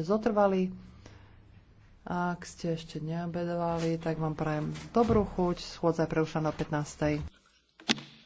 zotrvali. Ak ste ešte neobedovali, tak vám prajem dobrú chuť. Schôdza je prerušená o 15.